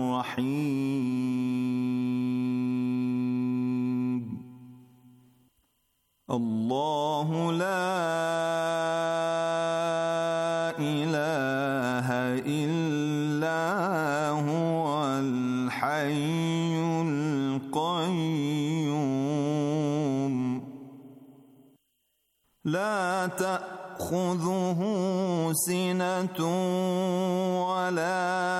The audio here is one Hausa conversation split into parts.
الرحيم الله لا اله الا هو الحي القيوم لا تاخذه سنه ولا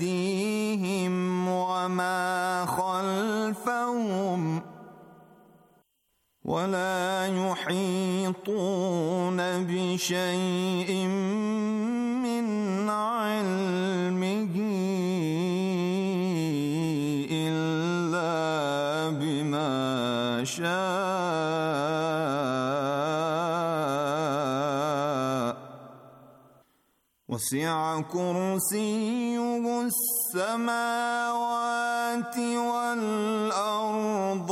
أيديهم وما خلفهم ولا يحيطون بشيء من وسع كرسيه السماوات والأرض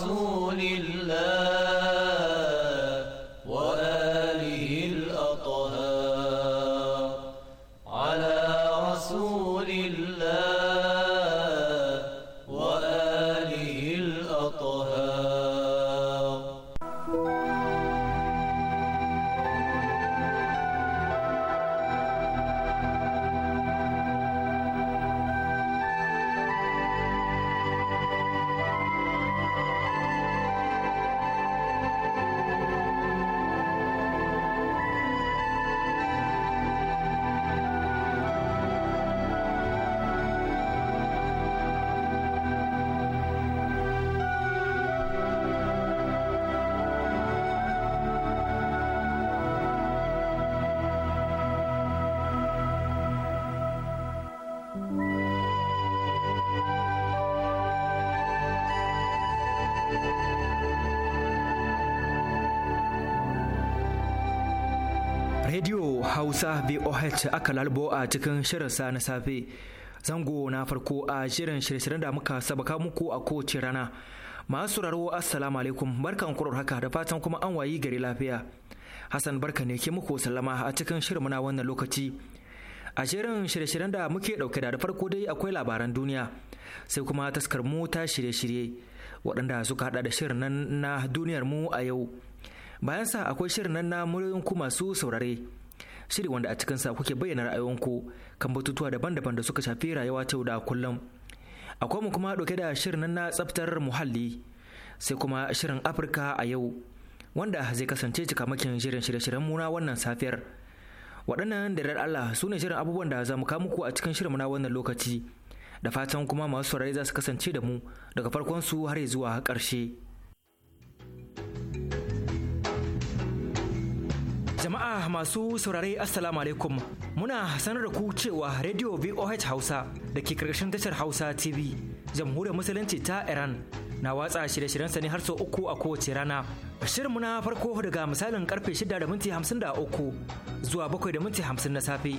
رسول Radio Hausa VOH aka lalbo a cikin shirinsa na safe. Zango na farko a shirin shirye-shiryen da muka sabaka muku a kowace rana. Masu raro Assalamu alaikum barkan kurar haka da fatan kuma an wayi gari lafiya. Hassan barka ne ke muku sallama a cikin shirin na wannan lokaci. A shirin shirye-shiryen da muke dauke da farko dai akwai labaran duniya sai kuma taskar mu ta shirye-shirye waɗanda suka haɗa da shirin nan na duniyar mu a yau. bayan sa akwai shirin nan na muryoyin ku masu saurare shiri wanda a cikin sa kuke bayyana ra'ayoyinku kan batutuwa daban-daban da suka shafi rayuwa ta da kullum akwai mu kuma dauke da shirin nan na tsaftar muhalli sai kuma shirin afirka a yau wanda zai kasance cikamakin shirin shirye-shiryen muna wannan safiyar waɗannan da Allah su ne shirin abubuwan da za mu kawo muku a cikin shirin na wannan lokaci da fatan kuma masu saurare za su kasance da mu daga farkon su har zuwa ƙarshe. Jama'a masu saurare Assalamu alaikum muna sanar da ku cewa Radio VOH Hausa da ke karkashin tashar Hausa TV jamhuriyar musulunci ta Iran na watsa shirye-shiryensa ne har sau uku a kowace rana. Shirinmu na farko daga misalin karfe 6 da minti 53 zuwa 7 da minti 50 na safe.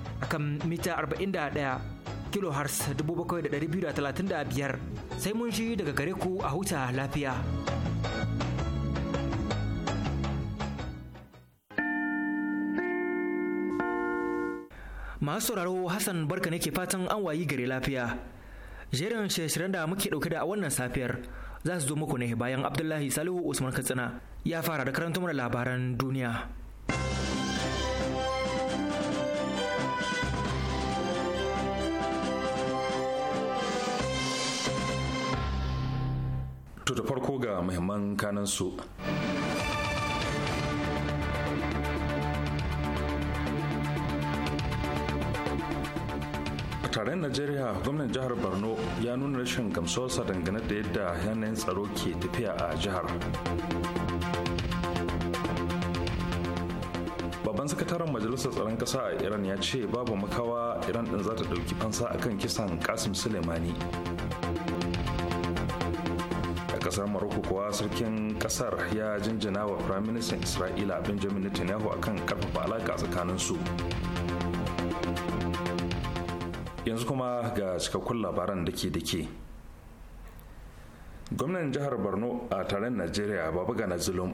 akan mita 41 kilohertz 7,235 sai mun shi daga gare ku a huta lafiya. Masu sauraro Hassan barka ne ke fatan an wayi gare lafiya. Jerin shirin da muke dauke da a wannan safiyar za su zo muku ne bayan Abdullahi Salihu Usman Katsina ya fara da karanta labaran duniya. To da farko ga muhimman kanan su. taron najeriya gwamnan jihar borno ya nuna rashin gamsuwarsa dangane da yadda yanayin tsaro ke tafiya a jihar babban sakataren majalisar tsaron kasa a iran ya ce babu makawa iran din za ta dauki fansa akan kisan kasim suleimani kasar maroko kuwa sarkin kasar ya jinjina wa prime minister isra'ila benjamin netanyahu a kan karfafa alaka tsakanin su yanzu kuma ga cikakkun labaran da ke da gwamnan jihar borno a taron najeriya babagana zulum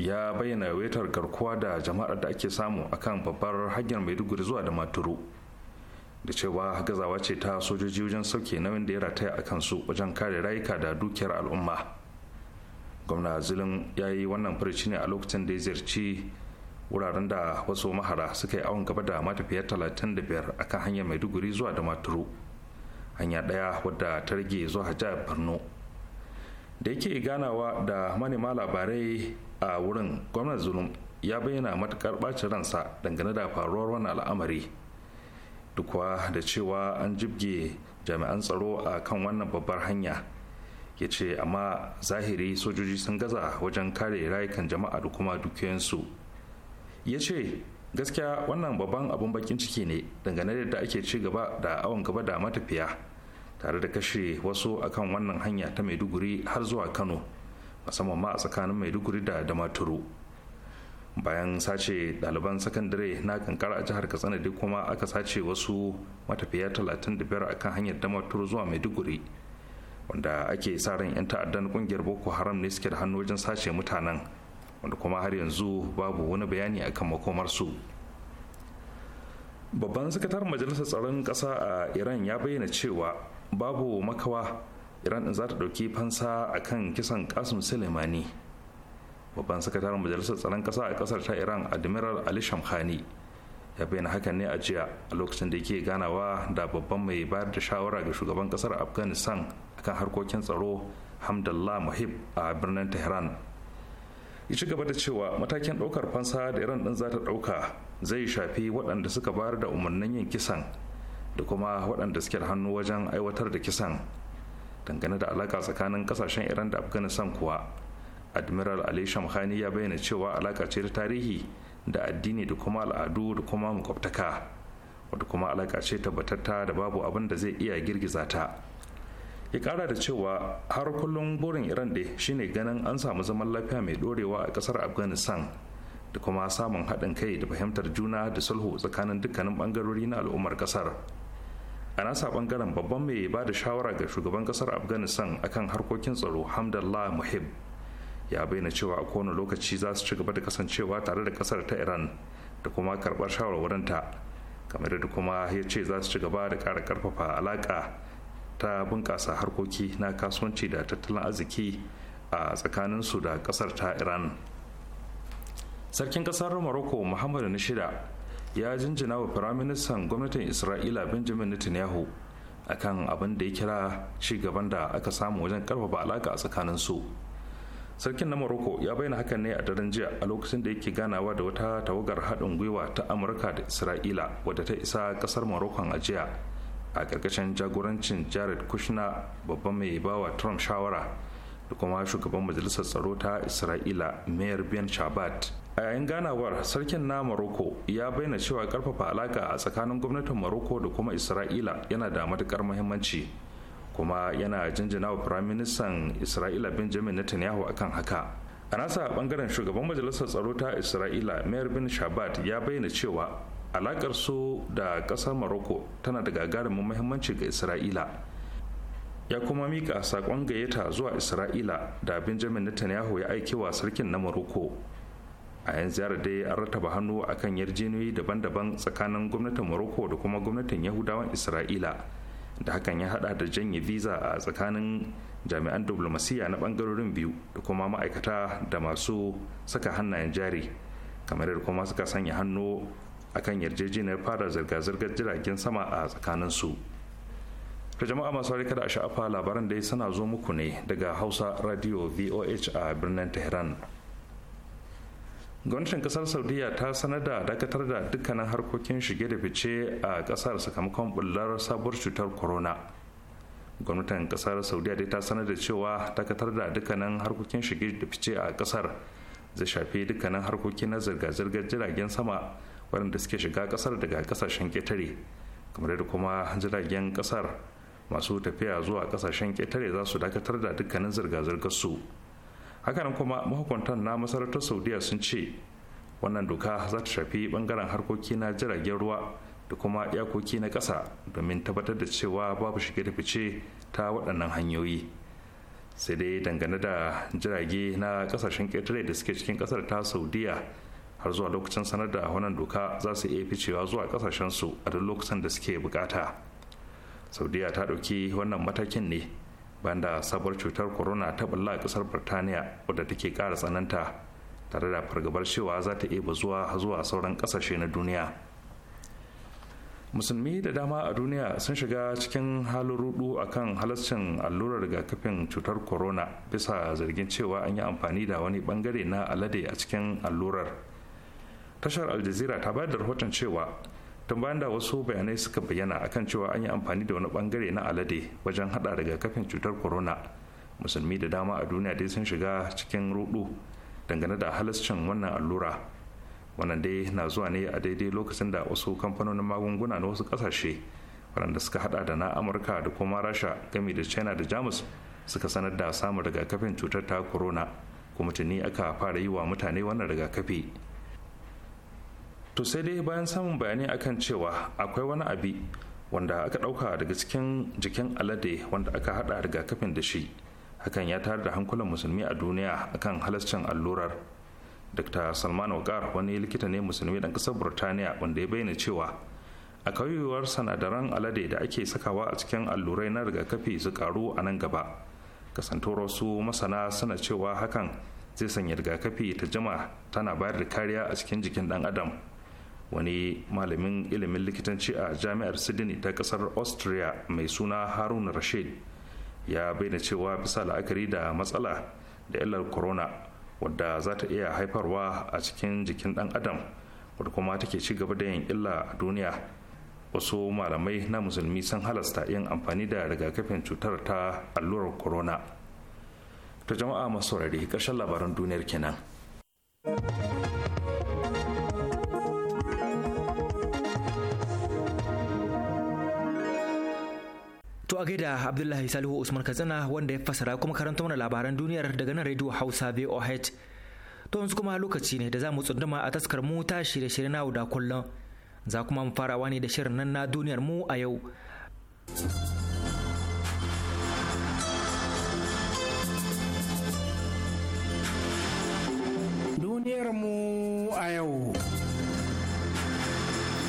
ya bayyana wetar garkuwa da jama'ar da ake samu akan babbar hanyar maiduguri zuwa da maturu da cewa gazawa ce ta sojoji wajen sauke nauyin da ya rataya a kansu wajen kare rayuka da dukiyar al'umma gwamna zulum ya yi wannan furici ne a lokacin da ya ziyarci wuraren da wasu mahara suka yi awon gaba da matafiyar biyar a kan hanyar maiduguri zuwa da maturu hanya ɗaya wadda ta rage zuwa jihar borno da yake ganawa da manema labarai a wurin gwamnan zulum ya bayyana matukar ɓacin ransa dangane da faruwar wani al'amari dukwa da cewa an jibge jami'an tsaro a kan wannan babbar hanya ya ce amma zahiri sojoji sun gaza wajen kare rayukan jama'a da kuma dukiyansu ya ce gaskiya wannan babban abin bakin ciki ne dangane da yadda ake ci gaba da awon gaba da matafiya tare da kashe wasu akan wannan hanya ta maiduguri har zuwa kano musamman ma a tsakanin maiduguri da damaturu bayan sace ɗaliban sakandare na kankara a jihar katsina duk kuma aka sace wasu matafiya 35 a kan hanyar turu zuwa maiduguri wanda ake sa ran 'yan ta'addan kungiyar boko haram ne suke da hannu wajen sace mutanen wanda kuma har yanzu babu wani bayani akan makomarsu babban sakatar majalisar tsaron ƙasa a iran ya bayyana cewa babu makawa iran za ta ɗauki fansa akan kisan kasum suleimani babban sakataren majalisar tsaron ƙasa a ƙasar ta iran admiral ali shamkhani ya bayyana hakan ne a jiya a lokacin da yake ganawa da babban mai bayar da shawara ga shugaban ƙasar afghanistan akan harkokin tsaro hamdallah muhib a birnin tehran ya ci gaba da cewa matakin ɗaukar fansa da iran ɗin za ta ɗauka zai shafi waɗanda suka bayar da umarnin yin kisan da kuma waɗanda suke da hannu wajen aiwatar da kisan dangane da alaƙa tsakanin ƙasashen iran da afghanistan kuwa admiral ali shamkhani ya bayyana cewa alaka ce ta tarihi da addini da kuma al'adu da kuma makwabtaka wadda kuma alaƙa ce tabbatatta da babu abin da zai iya girgiza ta ya kara da cewa har kullum burin iran ɗaya shine ganin an samu zaman lafiya mai ɗorewa a ƙasar afghanistan da kuma samun haɗin kai da fahimtar juna da sulhu tsakanin dukkanin ɓangarori na al'ummar ƙasar a nasa ɓangaren babban mai ba da shawara ga shugaban ƙasar afghanistan akan harkokin tsaro hamdallah muhib ya bayyana cewa a kowane lokaci za su ci gaba da kasancewa tare da kasar ta iran da kuma karbar shawarwarinta kamar da kuma ya ce za su ci gaba da kara ƙarfafa alaƙa ta bunƙasa harkoki na kasuwanci da tattalin arziki a tsakanin su da kasar ta iran sarkin kasar morocco muhammadu na shida ya jinjina wa firaministan gwamnatin isra'ila benjamin netanyahu akan abin da ya kira ci gaban da aka samu wajen karfafa alaka a tsakanin su sarkin na morocco ya bayyana hakan ne a daren jiya a lokacin da yake ganawa da wata tawagar haɗin gwiwa ta amurka da isra'ila wadda ta isa ƙasar morocco a jiya a ƙarƙashin jagorancin jared kushner babban mai bawa trump shawara da kuma shugaban majalisar tsaro ta isra'ila mayor ben shabat a yayin ganawar sarkin na Morocco ya bayyana cewa karfafa alaka a tsakanin gwamnatin Morocco da kuma isra'ila yana da matukar muhimmanci kuma yana jinjina wa firaministan isra'ila benjamin netanyahu akan haka a nasa bangaren shugaban majalisar tsaro ta isra'ila mayor bin shabat ya bayyana cewa alakar su da kasar morocco tana da gagarumin muhimmanci ga isra'ila ya kuma mika sakon gayyata zuwa isra'ila da benjamin netanyahu ya aiki wa sarkin na morocco a yan ziyara dai an rataba hannu akan yarjejeniyoyi daban-daban tsakanin gwamnatin morocco da kuma gwamnatin yahudawan isra'ila da hakan ya hada da janye visa a tsakanin jami'an diplomasiya na bangarorin biyu da kuma ma'aikata da masu saka hannayen jari kamar da kuma suka sanya hannu akan yarjejeniyar fara zirga-zirgar jiragen sama a tsakanin su da jama'a masu harika da sha'afa labaran da ya sana zo muku ne daga hausa radio voh a birnin tehran gwamnatin kasar saudiya ta sanar da dakatar da dukkanin harkokin shige da fice a kasar sakamakon bullar sabuwar cutar corona gwamnatin kasar saudiya dai ta sanar da cewa dakatar da dukkanin harkokin shige da fice a kasar zai shafi dukkanin harkoki na zirga-zirgar jiragen sama waɗanda suke shiga kasar daga kasashen ƙetare kamar da kuma jiragen kasar masu tafiya zuwa kasashen ƙetare za su dakatar da dukkanin zirga-zirgar su hakanan kuma mahukuntan na masarautar saudiya sun ce wannan doka za ta shafi bangaren harkoki na jiragen ruwa da kuma iyakoki na ƙasa domin tabbatar da cewa babu shige da fice ta waɗannan hanyoyi sai dai dangane da jirage na ƙasashen ƙetare da suke cikin ƙasar ta saudiya har zuwa lokacin sanar da wannan doka za su iya ficewa zuwa ƙasashensu a duk lokacin da suke bukata saudiya ta ɗauki wannan matakin ne banda sabuwar cutar corona ta bulla a kasar birtaniya wadda take kara tsananta tare da fargabar cewa za ta iya bazuwa zuwa sauran kasashe na duniya musulmi da dama a duniya sun shiga cikin halin rudu akan halascin allurar rigakafin cutar corona bisa zargin cewa an yi amfani da wani bangare na alade a cikin allurar tashar aljazira ta bayar da rahoton cewa tun bayan da wasu bayanai suka bayyana akan cewa an yi amfani da wani bangare na alade wajen hada daga kafin cutar corona musulmi da dama a duniya dai sun shiga cikin rudu dangane da halascin wannan allura wannan dai na zuwa ne a daidai lokacin da wasu kamfanonin magunguna na wasu kasashe waɗanda suka hada da na amurka da kuma rasha gami da china da jamus suka sanar da samun rigakafin cutar ta corona kuma tuni aka fara yi wa mutane wannan rigakafi to sai dai bayan samun bayani akan cewa akwai wani abi wanda aka dauka daga cikin jikin alade wanda aka haɗa rigakafin da shi hakan ya tayar da hankulan musulmi a duniya akan halascin allurar dr salman ogar wani likita ne musulmi dan ƙasar burtaniya wanda ya bayyana cewa a kauyuwar sanadaran alade da ake sakawa a cikin allurai na rigakafi su karu a nan gaba kasantar wasu masana suna cewa hakan zai sanya rigakafi ta jima tana bayar da kariya a cikin jikin dan adam wani malamin ilimin likitanci a jami'ar sydney ta kasar austria mai suna harun rashid ya bayyana cewa bisa la'akari da matsala da illar corona wadda za ta iya haifarwa a cikin jikin dan adam wadda kuma take ci gaba da yin illa a duniya wasu malamai na musulmi sun halasta yin amfani da rigakafin cutar ta allurar corona ta jama'a masu ƙarshen labaran duniyar kenan. To a gaida Abdullahi Salihu Usman Katsina wanda ya fasara kuma karanta mana labaran duniyar daga nan Radio Hausa VOH. To yanzu kuma lokaci ne da za mu tsunduma a taskar mu ta shirye-shirye na da kullum. Za kuma mu farawa ne da shirin nan na duniyar mu a yau. Duniyar mu a yau.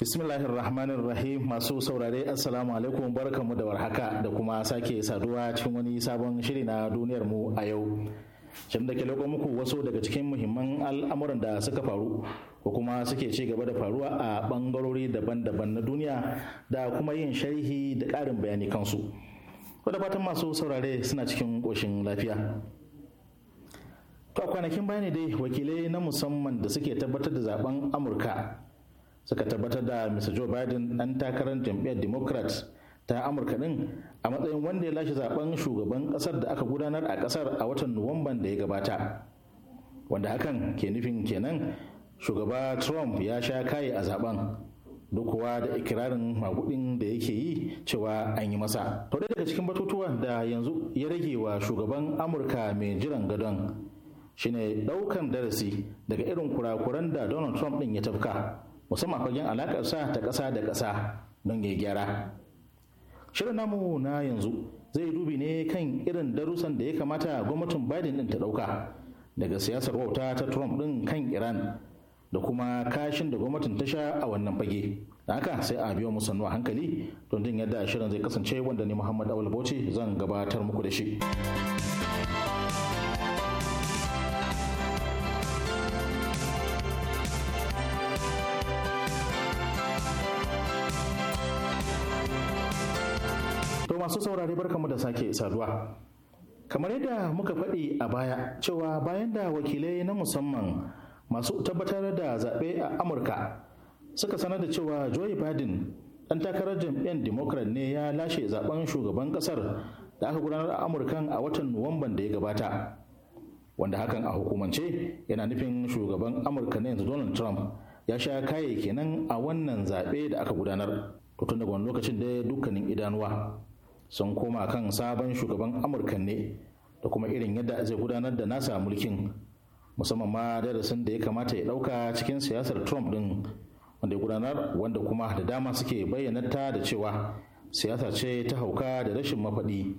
Bismillahir Rahmanir Rahim masu saurare Assalamu alaikum barkamu da warhaka da kuma sake saduwa cikin wani sabon shiri na duniyar mu a yau. Shirin da ke muku wasu daga cikin muhimman al'amuran da suka faru ko kuma suke ci gaba da faruwa a bangarori daban-daban na duniya da kuma yin sharhi da ƙarin bayani kansu. Wadda fatan masu saurare suna cikin ƙoshin lafiya. To a kwanakin bayani dai wakilai na musamman da suke tabbatar da zaben Amurka suka tabbatar da mr joe biden ɗan takarar jam'iyyar democrats ta amurka ɗin a matsayin wanda ya lashe zaben shugaban ƙasar da aka gudanar a ƙasar a watan nuwamban da ya gabata wanda hakan ke nufin kenan shugaba trump ya sha kaye a zaben duk kuwa da ikirarin magudin da yake yi cewa an yi masa to daga cikin batutuwa da yanzu ya rage wa shugaban amurka mai jiran gadon shine ɗaukan darasi daga irin kurakuran da donald trump din ya tafka musamman fagen alakar sa ta ƙasa da ƙasa don ya gyara shirin namu na yanzu zai dubi ne kan irin darussan da ya kamata gwamnatin biden ɗin ta ɗauka daga siyasar wauta ta trump ɗin kan iran da kuma kashin da gwamnatin ta sha a wannan fage da haka sai a biyo musannu a hankali don jin yadda shirin zai kasance wanda ni muhammad awal bauchi zan gabatar muku da shi masu saurare barkamu da sake saduwa. Kamar yadda muka faɗi a baya cewa bayan da wakilai na musamman masu tabbatar da zaɓe a Amurka suka sanar da cewa Joe Biden ɗan takarar jam'iyyar Democrat ne ya lashe zaɓen shugaban ƙasar da aka gudanar a Amurkan a watan Nuwamban da ya gabata. Wanda hakan a hukumance yana nufin shugaban Amurka na yanzu Donald Trump ya sha kaye kenan a wannan zaɓe da aka gudanar. Tutun daga wani lokacin da dukkanin idanuwa sun koma kan sabon shugaban amurka ne da kuma irin yadda zai gudanar da nasa mulkin musamman ma darasin da ya kamata ya dauka cikin siyasar trump din wanda ya gudanar wanda kuma da dama suke bayyana ta da cewa siyasa ce ta hauka da rashin mafaɗi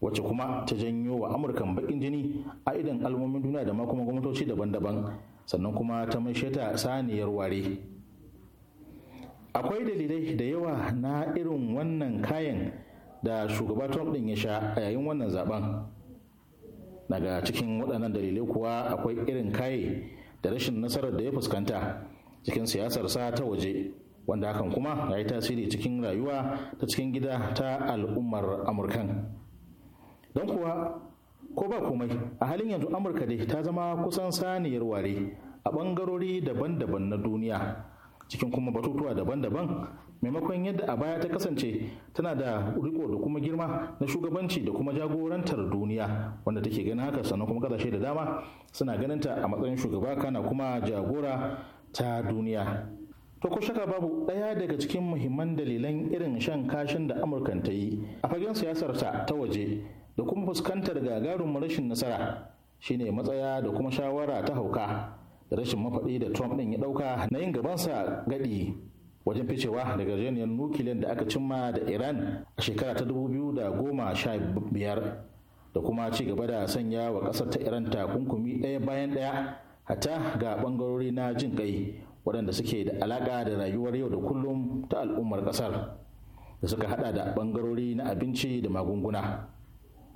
wacce kuma ta janyo wa amurkan bakin jini a idan al'ummomin duniya da ma kuma gwamnatoci daban-daban sannan kuma ta maishe ta saniyar ware akwai dalilai da yawa na irin wannan kayan da shugaba trump ɗin ya sha a yayin wannan zaben daga cikin waɗannan dalilai kuwa akwai irin kaye da rashin nasarar da ya fuskanta cikin siyasarsa ta waje wanda hakan kuma ya yi tasiri cikin rayuwa ta cikin gida ta al'ummar amurkan don kuwa ko ba komai a halin yanzu amurka dai ta zama kusan saniyar ware a bangarori daban-daban na duniya cikin kuma batutuwa daban-daban maimakon yadda a baya ta kasance tana da riko da kuma girma na shugabanci da kuma jagorantar duniya wanda take ganin haka sannan kuma kasashe da dama suna ganin ta a matsayin shugaba kana kuma jagora ta duniya to ko shaka babu ɗaya daga cikin muhimman dalilan irin shan kashin da amurkan ta yi a fagen siyasar ta ta waje da kuma fuskantar gagarin rashin nasara shine matsaya da kuma shawara ta hauka da rashin mafaɗi da trump ɗin ya ɗauka na yin gabansa gaɗi wajen ficewa daga yarjejeniyar nukiliyar da aka cimma da iran a shekara ta dubu biyu da kuma ci gaba da sanya wa kasar ta iran takunkumi ɗaya bayan ɗaya hata ga bangarori na jin kai waɗanda suke da alaƙa da rayuwar yau da kullum ta al'ummar ƙasar da suka hada da bangarori na abinci da magunguna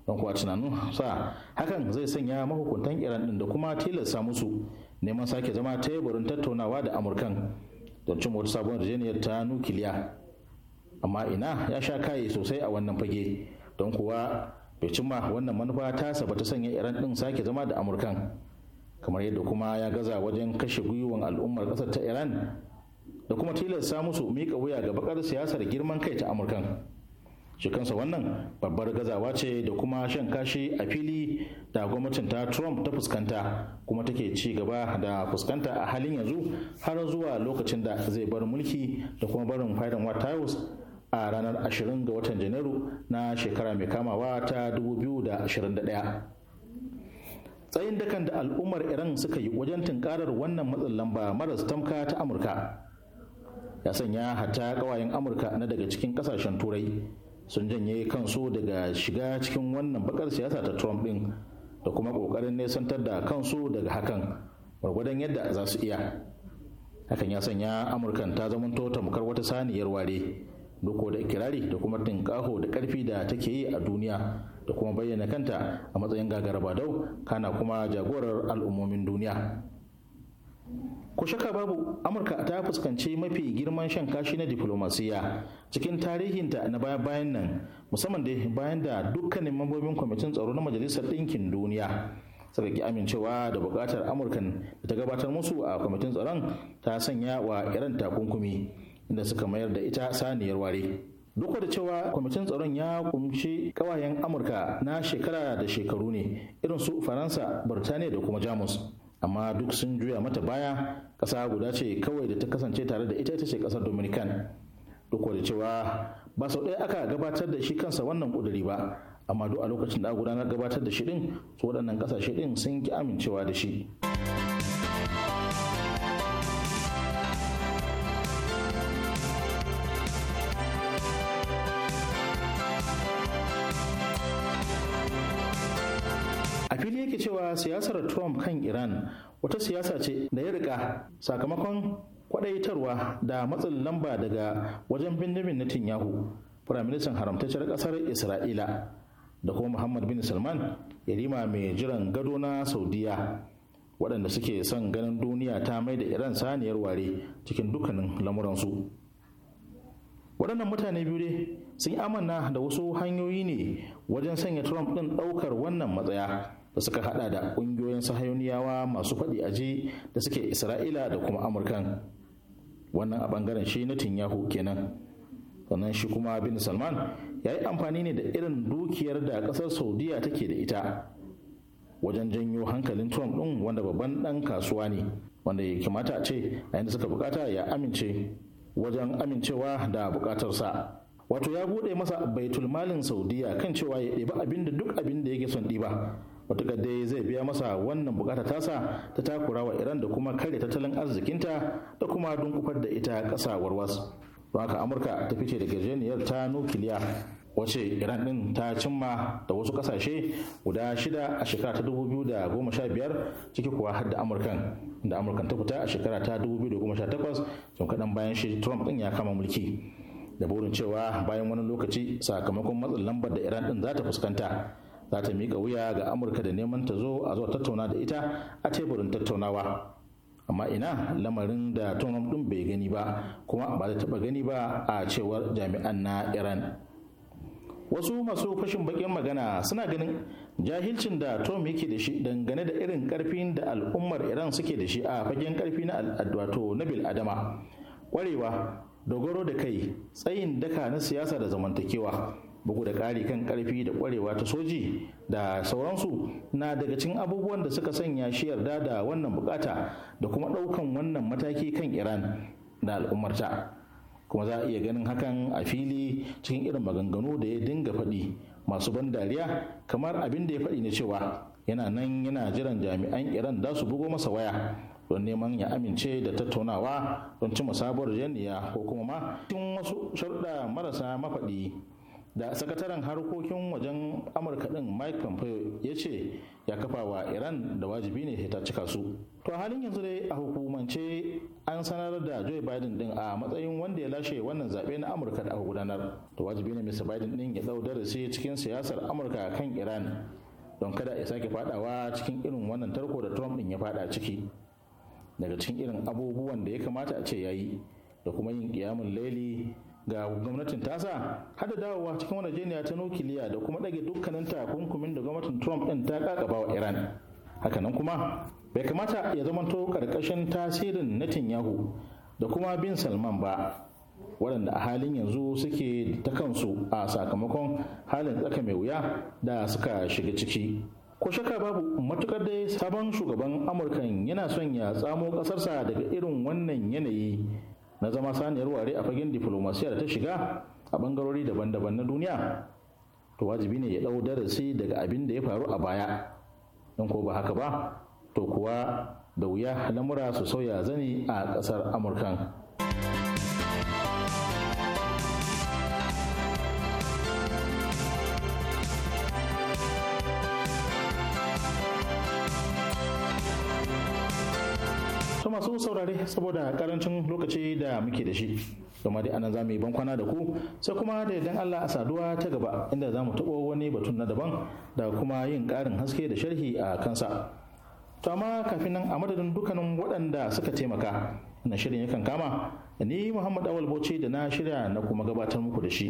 don kuwa tunanin sa hakan zai sanya mahukuntan iran ɗin da kuma tilasta musu neman sake zama teburin tattaunawa da amurkan don cin wata sabon yarjejeniyar ta nukiliya amma ina ya sha kaye sosai a wannan fage don kuwa bai cimma wannan manufa tasa ba ta sanya iran din sake zama da amurkan kamar yadda kuma ya gaza wajen kashe gwiwan al'ummar kasar ta iran da kuma tilasta musu mika wuya ga bakar siyasar girman kai ta amurkan shi kansa wannan babbar gazawa ce da kuma shan kashi a fili da gwamnatin ta trump ta fuskanta kuma take ci gaba da fuskanta a halin yanzu har zuwa lokacin da zai bar mulki da kuma barin fadin white house a ranar 20 ga watan janairu na shekara mai kamawa ta 2021 tsayin dakan da al'ummar iran suka yi wajen tunkarar wannan matsin lamba maras tamka ta amurka ya sanya hatta kawayen amurka na daga cikin kasashen turai sun janye kansu daga shiga cikin wannan bakar siyasa ta trump din da kuma kokarin nesantar da kansu daga hakan gwargwadon yadda za su iya hakan ya sanya amurkan ta zamanto tamkar wata saniyar ware doko da ikirari da kuma tinkaho da karfi da take yi a duniya da kuma bayyana kanta a matsayin gagarabadau kana kuma jagorar al'ummomin duniya Ku shaka babu Amurka ta fuskanci mafi girman shan kashi na diplomasiya cikin tarihinta na baya-bayan nan musamman da bayan da dukkanin mambobin kwamitin tsaro na Majalisar Ɗinkin Duniya suka ki amincewa da buƙatar Amurkan da ta gabatar musu a kwamitin tsaron ta sanya wa Iran takunkumi inda suka mayar da ita saniyar ware. duk da cewa kwamitin tsaron ya kumshi kawayen amurka na shekara da shekaru ne irin su faransa burtaniya da kuma jamus amma duk sun juya mata baya ƙasa guda ce kawai da ta kasance tare da ita ita ce kasar dominican duk da cewa ba sau ɗaya aka gabatar da shi kansa wannan ƙuduri ba amma duk a lokacin da gudanar gabatar da shi ɗin su waɗannan ƙasashe din sun ki amincewa da shi. fili yake cewa siyasar trump kan iran wata siyasa ce da ya rika sakamakon kwadaitarwa da matsin lamba daga wajen bindimin natin yahu firaministan haramtacciyar kasar isra'ila da kuma muhammad bin salman yarima mai jiran gado na saudiya waɗanda suke son ganin duniya ta mai da iran saniyar ware cikin dukkanin lamuransu waɗannan mutane biyu dai sun amana da wasu hanyoyi ne wajen sanya trump ɗin ɗaukar wannan matsaya da suka hada da kungiyoyin sahayuniyawa masu faɗi aji da suke isra'ila da kuma amurkan wannan a bangaren shi na tinyahu kenan sannan shi kuma bin salman ya yi amfani ne da irin dukiyar da ƙasar saudiya take da ita wajen janyo hankalin trump ɗin wanda babban ɗan kasuwa ne wanda ya kamata a ce a yadda suka bukata ya amince wajen amincewa da bukatarsa wato ya buɗe masa baitulmalin saudiya kan cewa ya ɗiba abin da duk abin da yake son ɗiba matuƙar dai zai biya masa wannan bukata tasa ta takura wa iran da kuma kare tattalin arzikinta da kuma dunkufar da ita ƙasa warwas haka amurka ta fice da gajeniyar ta nukiliya wace iran din ta cimma da wasu kasashe guda shida a shekara ta 2015 ciki kuwa har da amurkan da amurkan ta fita a shekara ta 2018 sun kaɗan bayan shi trump din ya kama mulki da burin cewa bayan wani lokaci sakamakon matsin lambar da iran din za ta fuskanta za ta miƙa wuya ga amurka da neman ta zo a zo tattauna da ita a teburin tattaunawa amma ina lamarin da trump ɗin bai gani ba kuma ba ta taɓa gani ba a cewar jami'an na iran wasu masu fashin bakin magana suna ganin jahilcin da tom yake da shi dangane da irin karfin da al'ummar iran suke da shi a fagen karfi na al'adwato na adama kwarewa dogoro da kai tsayin daka na siyasa da zamantakewa bugu da ƙari kan ƙarfi da ƙwarewa ta soji da sauransu na daga cikin abubuwan da suka sanya shi yarda da wannan bukata da kuma ɗaukan wannan mataki kan iran da al'ummarta kuma za a iya ganin hakan a fili cikin irin maganganu da ya dinga faɗi masu ban dariya kamar abin da ya faɗi na cewa yana nan yana jiran jami'an iran da su bugo masa waya don neman ya amince da tattaunawa don cimma sabuwar janiya ko kuma ma cikin wasu sharɗa marasa mafaɗi da sakataren harkokin wajen amurka din mike pompeo ya ce ya kafa wa iran da wajibi ne ta cika su to halin yanzu dai a hukumance an sanar da joe biden din a matsayin wanda ya lashe wannan zaɓe na amurka da aka gudanar to wajibi ne mr biden din ya ɗau darasi cikin siyasar amurka kan iran don kada ya sake fadawa cikin irin wannan tarko da trump din ya fada ciki daga cikin irin abubuwan da ya kamata a ce ya yi da kuma yin kiyamun laili ga gwamnatin tasa hada dawowa cikin wani jeniya ta nukiliya da kuma ɗage dukkanin takunkumin da gwamnatin trump ɗin ta kakaba wa iran hakanan kuma bai kamata ya zamanto ƙarƙashin tasirin netanyahu da kuma bin salman ba waɗanda a halin yanzu suke ta kansu a sakamakon halin tsaka mai wuya da suka shiga ciki ko shaka babu matukar dai sabon shugaban amurkan yana son ya tsamo ƙasarsa daga irin wannan yanayi na zama saniyar ware a fagen diflomasiya da ta shiga a bangarori daban-daban na duniya to wajibi ne ya ɗau darasi daga abin da ya faru a baya in ko ba haka ba to kuwa da wuya lamura su sauya zani a ƙasar amurkan masu saurare saboda karancin lokaci da muke da shi kuma dai anan za mu yi bankwana da ku sai kuma da idan Allah a saduwa ta gaba inda za mu taɓo wani batun na daban da kuma yin ƙarin haske da sharhi a kansa to amma kafin nan a madadin dukkanin waɗanda suka taimaka na shirin yakan kama ni Muhammad Awal Bauchi da na shirya na kuma gabatar muku da shi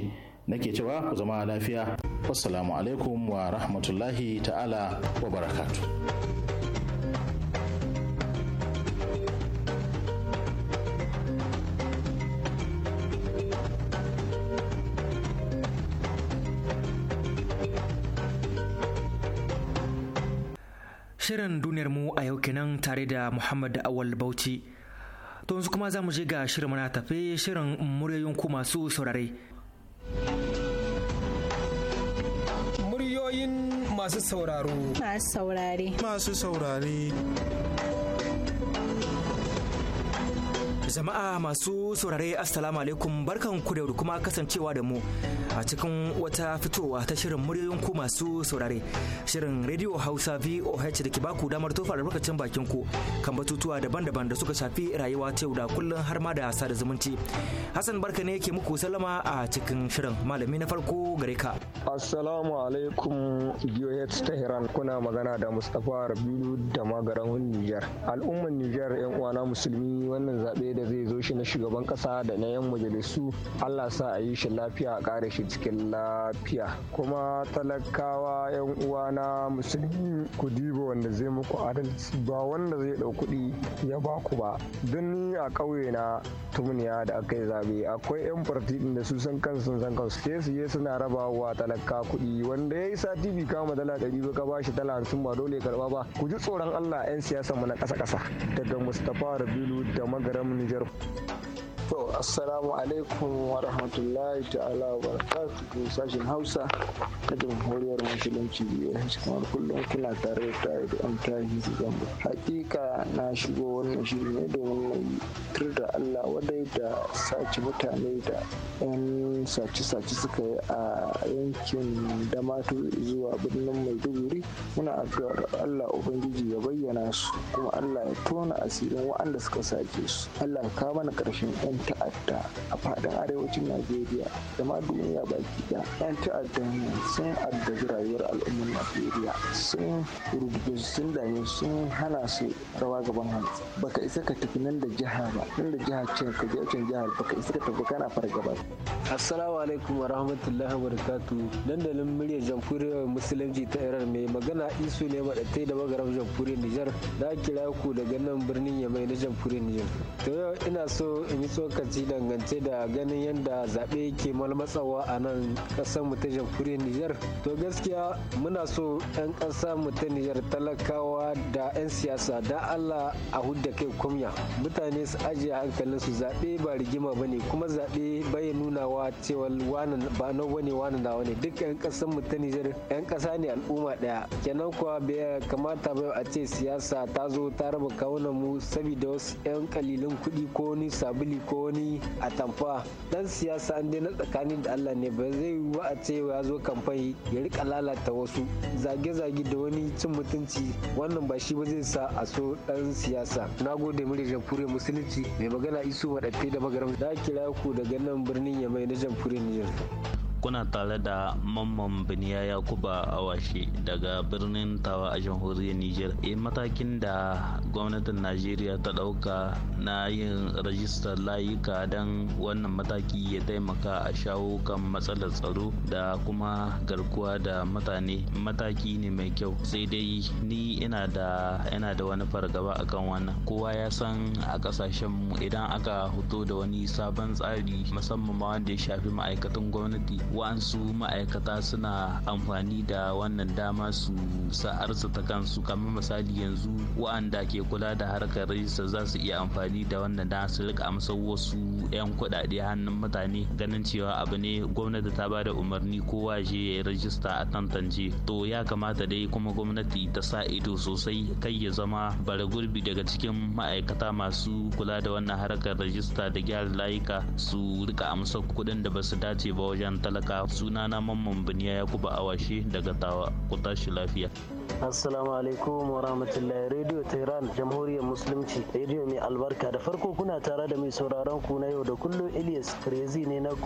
nake cewa ku zama lafiya wassalamu alaikum wa rahmatullahi ta'ala wa barakatuh Shirin duniyar mu a yau kenan tare da Muhammad Awal Bauchi. To yanzu kuma za mu je ga shirin mana tafe shirin muryoyin ku masu saurare. Muryoyin masu sauraro. Masu saurare. Masu saurare. Jama'a masu saurare Assalamu alaikum barkan ku da kuma kasancewa da mu a cikin wata fitowa ta shirin muryoyin ku masu saurare. Shirin Radio Hausa VOH da ke baku damar tofa albarkacin bakin ku kan batutuwa daban-daban da suka shafi rayuwa ta yau da kullum har ma da sada zumunci. Hassan barka ne ke muku sallama a cikin shirin malami na farko gare ka. Assalamu alaikum VOH Tehran kuna magana da Mustapha Rabiu da magaran Nijar. Al'umman Nijar 'yan uwana musulmi wannan zaɓe da zai zo shi na shugaban kasa da na yan majalisu allah sa a yi shi lafiya a kare shi cikin lafiya kuma talakawa yan uwa na musulmi ku diba wanda zai muku adalci ba wanda zai ɗau kuɗi ya baku ba don ni a ƙauye na tumniya da aka yi zabe akwai yan farti din da su san kansu sun san kansu sai su je suna raba wa talaka kuɗi wanda ya yi sati bi kama dala ɗari ba ka bashi dala hamsin ba dole ya karɓa ba ku ji tsoron Allah yan siyasa mu na ƙasa-ƙasa daga Mustapha Rabilu da magaram Nijar. To, Assalamu alaikum wa rahmatullahi ta'ala wa barakatuhu sashen Hausa na jamhuriyar musulunci biyar kamar kullum kuna tare da da yan su zambo. Hakika na shigo wannan shiri ne domin mai tur da Allah wadai da sace mutane da yan sace-sace suka yi a yankin Damatu zuwa birnin Maiduguri. Muna addu'ar Allah Ubangiji ya bayyana su kuma Allah ya tona asirin waɗanda suka sace su. Allah ya kawo mana ƙarshen yan ta'adda a fadin arewacin najeriya da ma duniya baki da yan ta'adda sun addabi rayuwar al'ummar najeriya sun rubuta sun dame sun hana su rawa gaban hantsi baka isa ka tafi nan da jiha ba nan da jiha ce ka je jiha jihar baka isa ka tafi kana fargaba assalamu alaikum wa rahmatullahi wa barakatuh dandalin muryar jamhuriyar musulunci ta iran mai magana isu ne madatai da magaram jamhuriyar nijar da kira ku daga nan birnin yamai na jamhuriyar nijar to yau ina so in yi so lokaci dangance da ganin yadda zaɓe ke malmatsawa a nan ƙasar mu ta jamhuriyar Nijar. To gaskiya muna so 'yan ƙasa mu ta Nijar talakawa da 'yan siyasa da Allah a hudda kai kumya. Mutane su ajiye hankalin su zaɓe ba rigima bane kuma zaɓe bai nunawa cewa wani ba na wani wani na wani duk 'yan ƙasar mu ta Nijar 'yan ƙasa ne al'umma ɗaya. Kenan kuwa bai kamata ba a ce siyasa ta zo ta raba kawunan mu saboda wasu 'yan kalilan kuɗi ko ni sabili ko wani atamfa dan siyasa an dai na tsakanin da Allah ne ba zai yi wa a ce ya zo kamfani ya rika lalata wasu zage-zage da wani cin mutunci wannan ba shi ba zai sa a so dan siyasa na gode mu da musulunci mai magana isu wadatte da magaram da kira ku daga nan birnin yamai na jamfure niger kuna tare da mamman biniya yakuba awashi daga birnin tawa a jamhuriyar niger e eh, matakin da gwamnatin najeriya ta dauka na yin rajistar layuka don wannan mataki ya taimaka a shawo kan matsalar tsaro da kuma garkuwa da mutane mataki ne mai kyau sai dai ni ina da yana da wani fargaba akan wannan kowa ya san a kasashen mu idan aka fito da wani sabon tsari musamman ma wanda ya shafi ma'aikatan gwamnati wa'ansu ma'aikata suna amfani da wannan dama su sa ta kansu kamar misali yanzu wa'anda ke kula da harkar rajista za su iya amfani da wannan dama su rika amsa wasu 'yan kuɗaɗe hannun mutane ganin cewa abu ne gwamnati ta bada umarni kowa je ya rajista a tantance to ya kamata dai kuma gwamnati ta sa ido sosai kai ya zama bara gurbi daga cikin ma'aikata masu kula da wannan harkar rajista da gyara layuka su rika amsa kuɗin da ba su dace ba wajen talaka tsaka sunana mamman biniya yakuba awashe daga tawa ku tashi lafiya assalamu alaikum wa rahmatullahi radio tehran jamhuriyar musulunci radio mai albarka da farko kuna tare da mai sauraron ku na yau da kullum Elias Crazy ne na a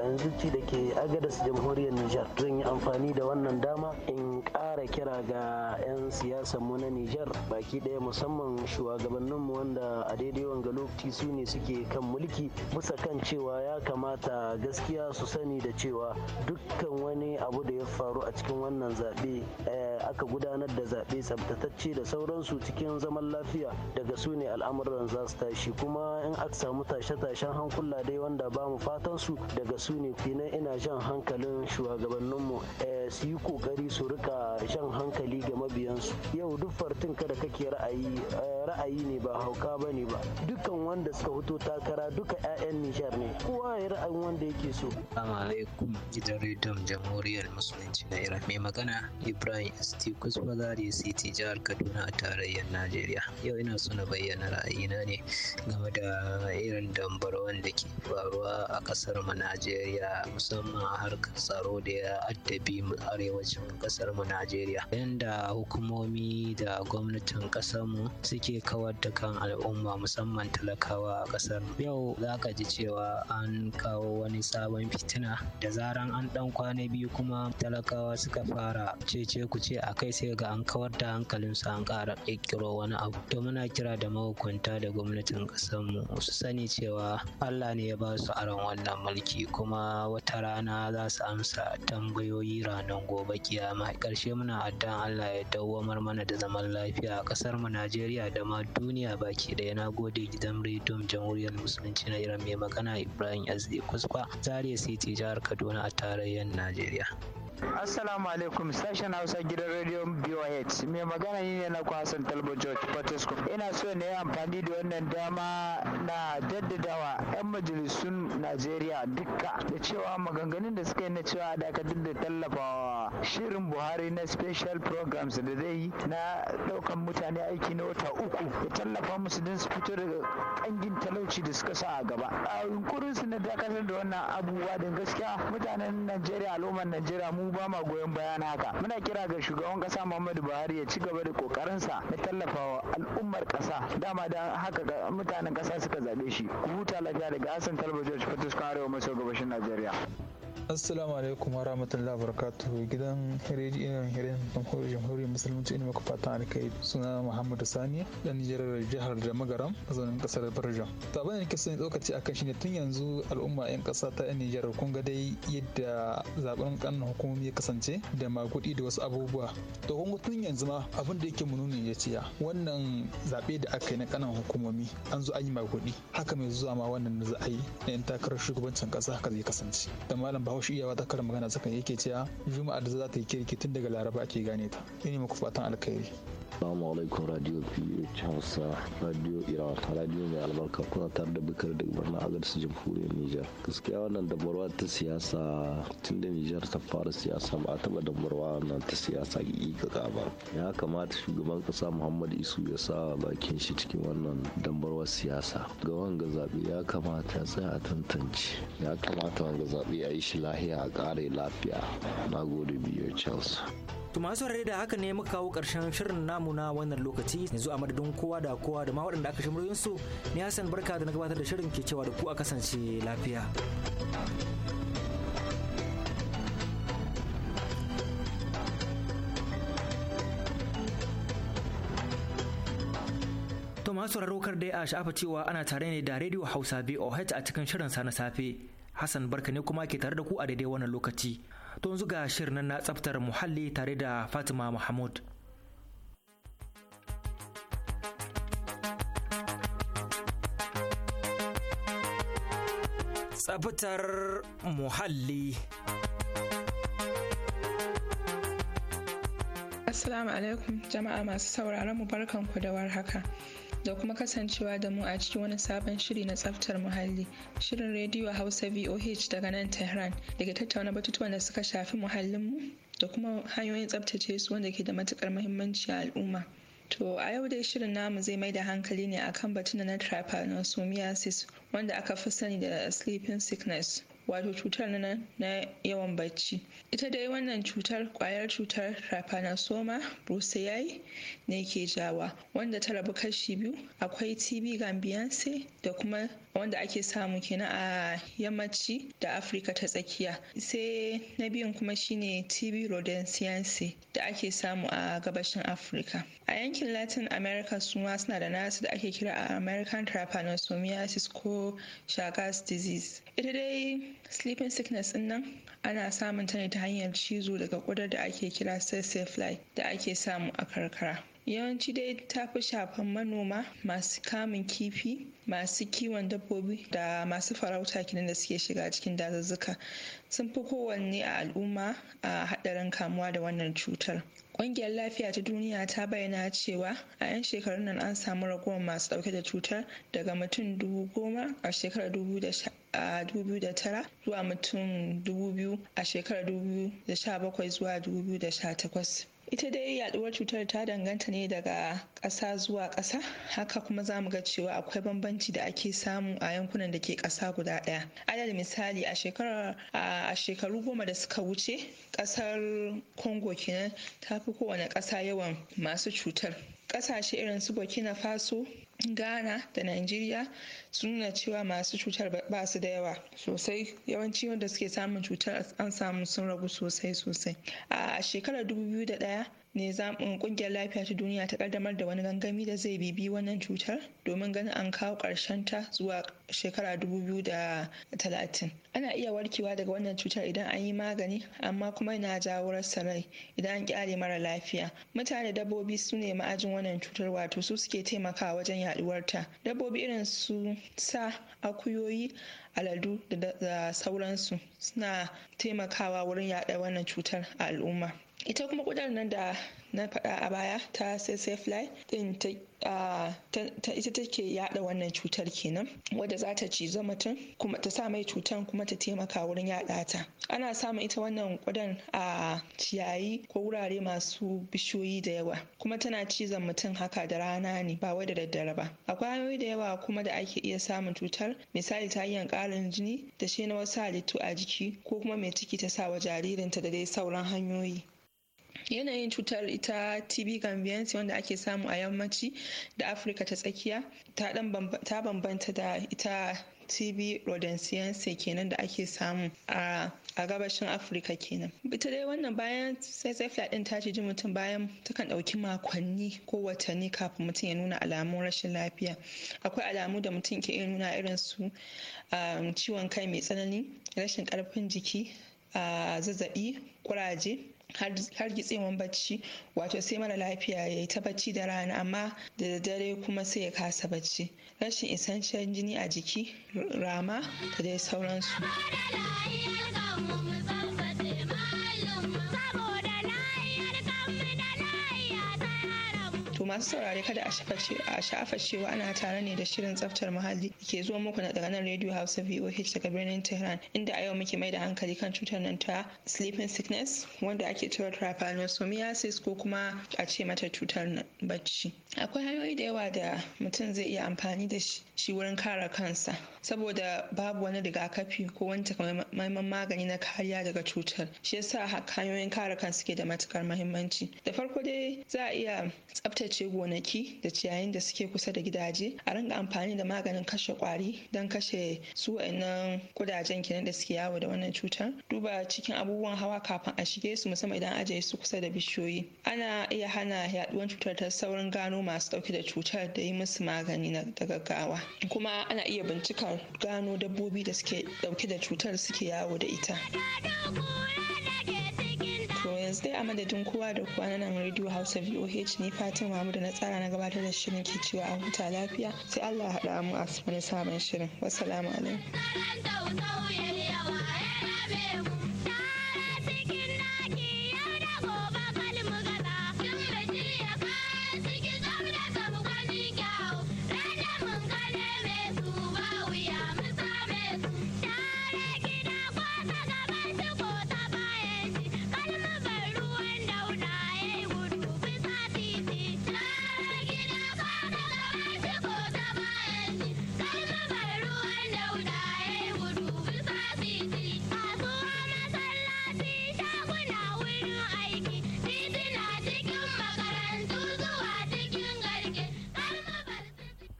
yanzu ci da ke agadas jamhuriyar nijar zan yi amfani da wannan dama in ƙara kira ga 'yan siyasar mu na nijar baki ɗaya musamman shugabannin mu wanda a daidai wanga lokaci su ne suke kan mulki musa kan cewa ya kamata gaskiya su sani da cewa dukkan wani abu da ya faru a cikin wannan zaɓe eh, aka gudanar gudanar da zaɓe tsabtatacce da sauransu cikin zaman lafiya daga su ne al'amuran za su tashi kuma in aka samu tashe-tashen hankula dai wanda ba mu fatan su daga su ne kenan ina jan hankalin shugabanninmu eh, su yi kokari su rika jan hankali ga mabiyansu yau duk fartin kada kake ra'ayi eh, ra'ayi ne ba hauka ba ne ba dukkan wanda suka fito takara duka 'ya'yan nijar ne kowa ya ra'ayin wanda yake so assalamu alaikum gidan rediyon jamhuriyar musulunci na iran mai magana ibrahim st Kusba Zari City jihar Kaduna a tarayyar Najeriya. Yau ina so na bayyana ra'ayina ne game da irin dambarwan da ke faruwa a ƙasar mu Najeriya musamman a harkar tsaro da ya addabi mu arewacin ƙasar mu Najeriya. Yanda hukumomi da gwamnatin ƙasar mu suke kawar da kan al'umma musamman talakawa a ƙasar. Yau za ka ji cewa an kawo wani sabon fitina da zaran an ɗan kwana biyu kuma talakawa suka fara cece kuce a kai sai ga an kawar da hankalinsu an ƙara ƙirƙiro wani abu to muna kira da mahukunta da gwamnatin ƙasarmu su sani cewa allah ne ya ba su aron wannan mulki kuma wata rana za su amsa tambayoyi ranar gobe kiyama ƙarshe muna addan allah ya dawwamar mana da zaman lafiya a ƙasar mu najeriya da ma duniya baki ɗaya na gode gidan rediyon jamhuriyar musulunci na iran mai magana ibrahim azdi kuskwa zaria city jihar kaduna a tarayyar najeriya Assalamu alaikum sashen Hausa gidan Radio BOH. Mai magana ni ne na Hassan Talbo George Patesco. Ina so na yi amfani da wannan dama na jaddadawa 'yan majalisun Najeriya dukka da cewa maganganun da suka yi na cewa dakatar da tallafawa shirin Buhari na special programs da zai yi na daukan mutane aiki na wata uku da tallafa musu don su fito daga kangin talauci da suka sa a gaba. A yunkurin su na dakatar da wannan abubuwa din gaskiya mutanen Najeriya al'ummar Najeriya mu mu ba ma goyon bayan haka muna kira ga shugaban kasa muhammadu buhari ya ci gaba da kokarin kokarinsa na tallafawa al'ummar kasa dama da haka mutanen kasa suka zaɓe shi ku huta lafiya daga asan talba george fatus arewa maso gabashin najeriya assalamu alaikum wa rahmatullahi barakatuh gidan rediyon hirin jamhuriyar jamhuriyar musulunci ina maka fatan alkai suna muhammad sani dan jirar jihar da magaram mazaunin kasar barjan Ta abin da nake tsokaci akan ne tun yanzu al'umma yan kasa ta yan nijar kun ga dai yadda zaben kan hukumomi ya kasance da magudi da wasu abubuwa to kun tun yanzu ma abin da yake nuna ya ce wannan zaɓe da aka yi na kanan hukumomi an zo an yi magudi haka mai zuwa ma wannan da za a yi na yan takarar shugabancin kasa haka zai kasance da malam bahaushe iyawa karin magana tsakanin yake cewa juma'a da za ta yi kirki tun daga laraba ake gane ta ina muku fatan alkhairi Assalamu alaikum Radio PH Hausa Radio Iran Radio mai albarka kuna tare da bukar da birnin Agadis Jamhuriyar Nijar. Gaskiya wannan damarwa ta siyasa tun da Nijar ta fara siyasa ba a taba damarwa nan ta siyasa ga ba. Ya kamata shugaban kasa Muhammad Isu ya sa bakin shi cikin wannan damarwar siyasa. Ga wanga zaɓe ya kamata ya tsaya a tantance. Ya kamata wanga zaɓe a yi shi lahiya a ƙare lafiya. Na gode biyu Charles. To masu da haka ne muka kawo ƙarshen shirin namu na wannan lokaci yanzu a madadin kowa da kowa da ma waɗanda aka shimriyin su ni Hassan barka da na gabatar da shirin ke cewa da ku a kasance lafiya. To masu kar dai a sha'afa cewa ana tare ne da Radio Hausa BOH a cikin shirin sa na safe. Hassan barka ne kuma ke tare da ku a daidai wannan lokaci. don zuga shirin na tsaftar muhalli tare da fatima mahmud tsaftar muhalli Assalamu alaikum jama'a masu sauraron mu barkanku da warhaka. da kuma kasancewa da mu a cikin wani sabon shiri na tsaftar muhalli. Shirin rediyo Hausa VOH daga nan Tehran daga tattauna batutuwan da suka shafi muhallinmu da kuma hanyoyin tsaftace su wanda ke da matukar muhimmanci a al'umma. To a yau dai shirin namu zai mai da hankali ne akan batun na trypanosomiasis wanda aka fi sani da sleeping sickness wato cutar na, na yawan bacci ita dai wannan cutar kwayar cutar trypanosoma brucei ne ke jawa wanda ta rabu kashi biyu akwai tb gambiyanse da kuma wanda ake samu kenan a yammaci da afirka ta tsakiya sai na biyun kuma shine tb rodensiense da ake samu a gabashin afirka a yankin latin america suma suna da nasu da ake kira a american trypanosomiasis ko chagas disease ita dai sleeping sickness din nan ana samun ta ne ta hanyar cizo daga kudar da ake kira Fly da ake samu a karkara yawanci dai ta fi shafan manoma masu kamun kifi masu kiwon dabbobi da masu farauta kenan da suke shiga cikin dazuzzuka sun fi kowanne a al'umma a haɗarin kamuwa da wannan cutar ƙungiyar lafiya ta duniya ta bayyana cewa a 'yan shekarun nan an samu ragowar masu ɗauke da cutar daga mutum dubu goma a shekarar dubu da a 2009 zuwa mutum 2000 a shekarar 2017 zuwa 2018 ita dai yaɗuwar cutar ta danganta ne daga ƙasa zuwa ƙasa haka kuma za mu ga cewa akwai bambanci da ake samu a yankunan da ke ƙasa guda ɗaya alal misali a a shekaru goma da suka wuce ƙasar congo kenan ta fi kowane ƙasa yawan masu cutar kasashe irin su burkina faso ghana da Najeriya sun nuna cewa masu cutar ba su da yawa sosai yawanci wanda suke samun cutar an samu sun ragu sosai sosai a shekarar dubu biyu da ɗaya. ne mm, ƙungiyar lafiya ta duniya ta ƙaddamar da wani gangami da zai bibi wannan cutar domin ganin an kawo karshen ta zuwa shekara biyu da talatin. ana iya warkewa daga wannan cutar idan an yi magani amma kuma yana jawo rasa rai idan an ƙyale mara lafiya mutane dabbobi su ne ma'ajin wannan cutar wato su suke taimakawa wajen yaduwar ta dabbobi irin su sa akuyoyi aladu da sauransu suna taimakawa wurin yaɗa wannan cutar a al'umma ita kuma kudar nan da na faɗa a baya ta fly din ta ita take yada wannan cutar kenan wadda za ta cizo mutum kuma ta sa mai cutar kuma ta taimaka wurin yada ta ana samun ita wannan kudan a ciyayi ko wurare masu bishiyoyi da yawa kuma tana cizon mutum haka da rana ne ba wai da daddare ba akwai hanyoyi da yawa kuma da ake iya samun cutar misali ta hanyar ƙarin jini da shi na wasu halittu a jiki ko kuma mai ciki ta sa wa jaririnta da dai sauran hanyoyi yanayin cutar ita tb gambiyansi wanda ake samu a yammaci da afirka ta tsakiya ta bambanta da ita tb rodensiyansi kenan da ake samu a gabashin afirka kenan ita dai wannan bayan sai sai din ta ji mutum bayan takan ɗauki makonni ko watanni kafin mutum ya nuna alamun rashin lafiya akwai alamu da mutum ke iya nuna irin su um, ciwon kai mai tsanani rashin karfin jiki zazzabi kuraje har gitsewan bacci wato sai mara lafiya ya yi ta bacci da rana amma da dare kuma sai ya kasa bacci rashin isasshen jini a jiki rama da dai sauransu masu saurare kada a sha'afa cewa ana tare ne da shirin tsaftar muhalli ke zuwa muku na daga nan radio hausa voh daga birnin tehran inda a yau muke mai da hankali kan cutar nan ta sleeping sickness wanda ake cewa trypanosomiasis ko kuma a ce mata cutar bacci akwai hanyoyi da yawa da mutum zai iya amfani da shi wurin kare kansa saboda babu wani rigakafi ko wani takamaiman magani na kariya daga cutar shi yasa hanyoyin kare kansa ke da matukar muhimmanci da farko dai za a iya tsaftace gonaki da ciyayin da suke kusa da gidaje a ringa amfani da maganin kashe kwari don kashe su wa'annan kudajen kenan da suke yawo da wannan cutar duba cikin abubuwan hawa kafin a shige su musamman idan ajiye su kusa da bishiyoyi ana iya hana yaduwar cutar ta saurin gano masu dauke da cutar da yi musu magani na gaggawa kuma ana iya bincikar gano dabbobi da suke dauke da cutar suke yawo da ita. yanzu a madadin kowa da kowa na nan radio hausa voh ne fatima mahmud na tsara na gabatar da shirin ke cewa a huta lafiya sai allah haɗa mu a wani sabon shirin wassalamu alaikum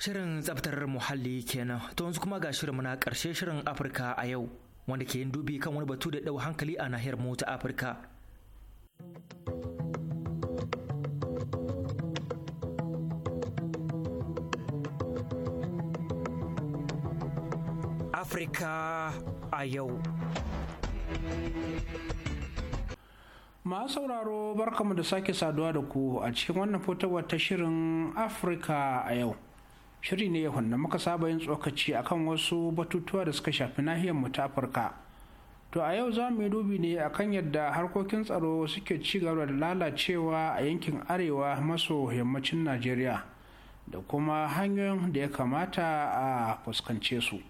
Shirin tsabtar muhalli kenan to yanzu kuma ga shirin na karshe shirin Afirka a yau wanda ke yin dubi kan wani batu da ɗau hankali a nahiyar mu ta Afirka. Afirka a yau. Ma sauraro barkamu da sake saduwa da ku a cikin wannan fotowar ta shirin Afirka a yau. shiri ne wanda muka saba yin tsokaci akan wasu batutuwa da suka shafi nahiyar mu ta afirka to a yau za mu yi dubi ne akan yadda harkokin tsaro suke ci gaba da lalacewa a yankin arewa maso yammacin najeriya da kuma hanyoyin da ya kamata a fuskance su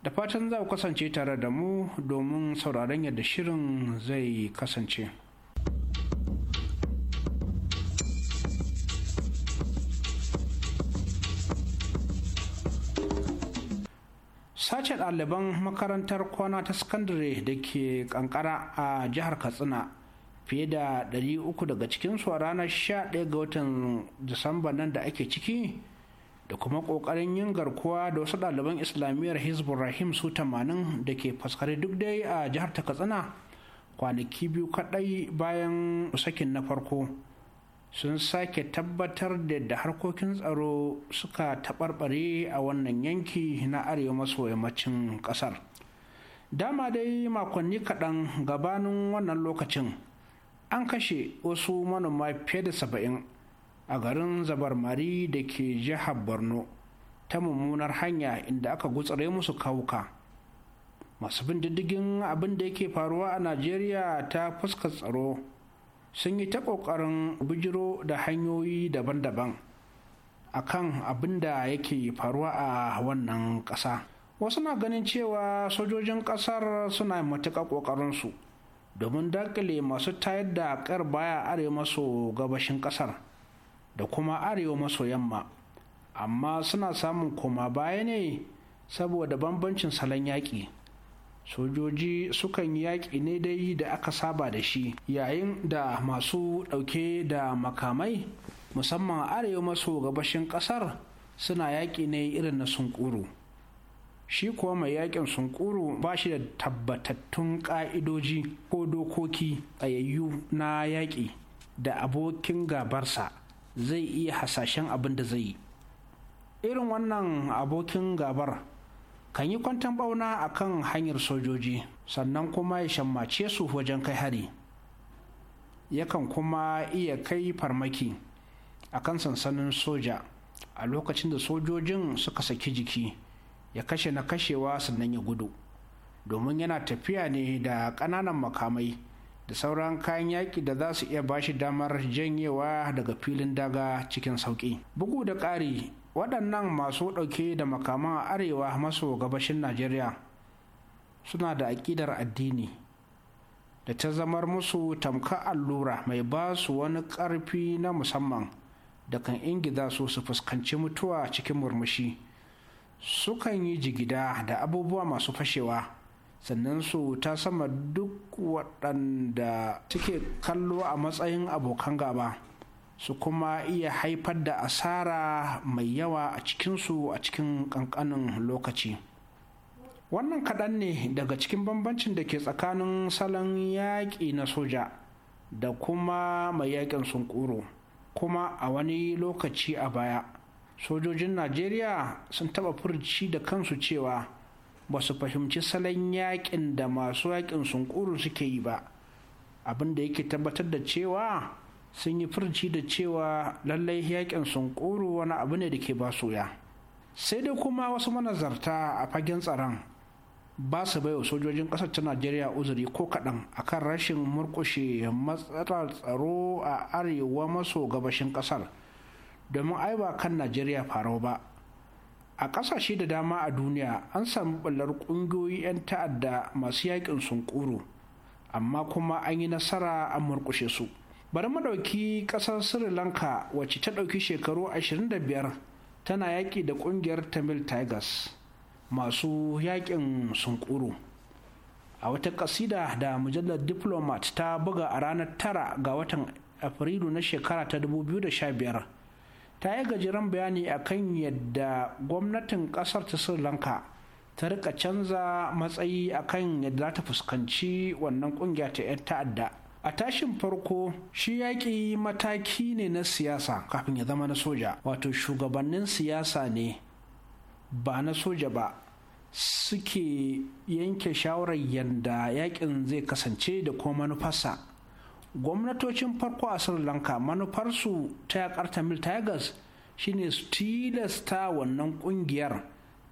da fatan za ku kasance tare da mu domin sauraron yadda shirin zai kasance. sace ɗaliban makarantar kwana ta sakandare da ke kankara a jihar katsina fiye da 300 daga cikinsu a ranar 11 ga watan disamba nan da ake ciki da kuma ƙoƙarin yin garkuwa da wasu ɗaliban islamiyyar rahim su 80 da ke faskare duk dai a jihar ta katsina kwanaki biyu kaɗai bayan sakin na farko sun sake tabbatar da da harkokin tsaro suka taɓarɓare a wannan yanki na arewa maso yammacin ƙasar dama dai makonni kaɗan gabanin wannan lokacin an kashe wasu manoma fiye da saba'in a garin zabarmari da ke jihar borno ta mummunar hanya inda aka gutsare musu kauka masu bin diddigin abin da yake faruwa a najeriya ta fuskar tsaro sun yi ta ƙoƙarin bijiro da hanyoyi daban-daban a kan abin da yake faruwa a wannan ƙasa wasu na ganin cewa sojojin ƙasar suna matuƙa ƙoƙarinsu domin dakile masu tayar da ƙar baya arewa maso gabashin ƙasar da kuma arewa maso yamma amma suna samun koma baya ne saboda bambancin salon yaƙi sojoji sukan yi yaƙi ne dai da aka saba da shi yayin da masu ɗauke da makamai musamman arewa maso gabashin ƙasar suna yaƙi ne irin na sunkuru shi kuwa mai yaƙin sunkuru ba shi da tabbatattun ƙa'idoji ko dokoki tsayayyu na yaƙi da abokin gabarsa zai iya hasashen abin da zai yi irin wannan abokin gabar kan yi kwantan bauna a kan hanyar sojoji sannan kuma ya shammace su wajen kai hari yakan kuma iya kai farmaki a kan sansanin soja a lokacin da sojojin suka saki jiki ya kashe na kashewa sannan ya gudu domin yana tafiya ne da ƙananan makamai da sauran kayan yaƙi da za su iya bashi damar janyewa daga filin daga cikin sauƙi bugu da ƙari waɗannan masu ɗauke da makaman a arewa maso gabashin najeriya suna da aƙidar addini da ta zamar musu tamka allura mai ba su wani ƙarfi na musamman da kan ingiza su su fuskanci mutuwa cikin murmushi sukan yi jigida da abubuwa masu fashewa sannan su ta sama duk waɗanda suke kallo a matsayin abokan gaba su kuma iya haifar da asara mai yawa a cikinsu a cikin ƙanƙanin lokaci wannan kaɗan ne daga cikin bambancin da ke tsakanin salon yaƙi na soja da kuma mai yaƙin sunkuro kuma a wani lokaci a baya sojojin najeriya sun taɓa furci da kansu cewa ba su fahimci salon yaƙin da masu yaƙin sunkuru suke yi ba abin da yake tabbatar da cewa sun yi furci da cewa lallai yakin sunkuru wani abu ne da ke ba soya sai dai kuma wasu manazarta a fagen tsaron ba su wa sojojin ƙasar ta najeriya uzuri ko kaɗan a kan rashin murƙushe matsalar tsaro a arewa maso gabashin ƙasar domin ai ba kan najeriya farau ba a ƙasashe da dama a duniya an samu ɓallar ƙungiyoyi 'yan ta'adda masu yaƙin sunkuru amma kuma an yi nasara an murƙushe su bari mu ɗauki ƙasar sri lanka wacce ta ɗauki shekaru 25 tana yaƙi da ƙungiyar tamil tigers masu yaƙin sunkuru a wata ƙasida da mujallar diplomat ta buga a ranar Tara ga watan afrilu na shekara ta 2015 ta yi gajeren bayani akan yadda gwamnatin ƙasar ta sri lanka ta rika canza matsayi akan yadda za ta fuskanci wannan ƙungiya ta 'yan ta'adda a tashin farko shi yaƙi mataki ne na siyasa kafin ya zama na soja wato shugabannin siyasa ne ba na soja ba suke yanke shawarar yadda yaƙin zai kasance da kuma manufarsa gwamnatocin farko a sri lanka manufarsu ta yaƙar tamil tigers shine su tilasta wannan ƙungiyar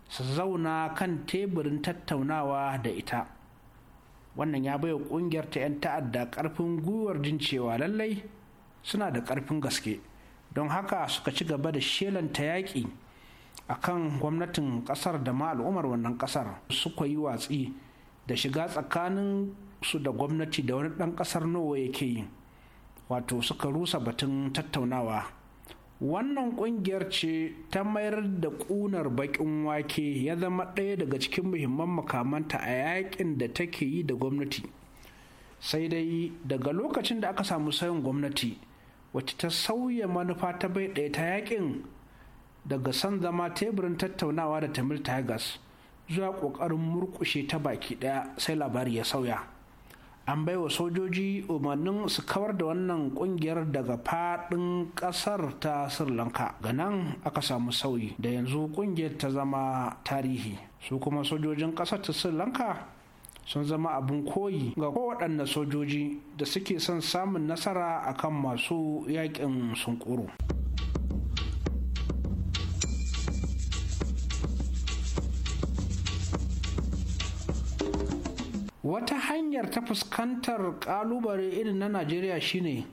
su zauna kan teburin tattaunawa da ita wannan ya baiwa kungiyar ta 'yan ta'adda karfin gwiwar jin cewa lallai suna da karfin gaske don haka suka ci gaba da shelanta yaƙi a kan gwamnatin ƙasar da ma al'ummar wannan ƙasar suka yi watsi da shiga tsakanin su da gwamnati da wani ɗan ƙasar nowa yake yi wato suka rusa batun tattaunawa wannan kungiyar ce ta mayar da kunar bakin wake ya zama ɗaya daga cikin muhimman makamanta a yakin da take yi da gwamnati sai dai daga lokacin da aka samu sayin gwamnati wacce ta sauya manufa ta bai ɗaya ta yakin daga san zama teburin tattaunawa da tamil tigers zuwa ƙoƙarin murƙushe ta baki ɗaya sai labari ya sauya an bai wa sojoji umarnin su kawar da wannan kungiyar daga fadin kasar ta sri lanka ga nan aka samu sauyi da yanzu kungiyar ta zama tarihi su kuma sojojin kasar ta sri lanka sun zama abin koyi ga kowaɗanne sojoji da suke son samun nasara akan masu yakin sunkuru. wata hanyar ta fuskantar kalubale irin na najeriya shine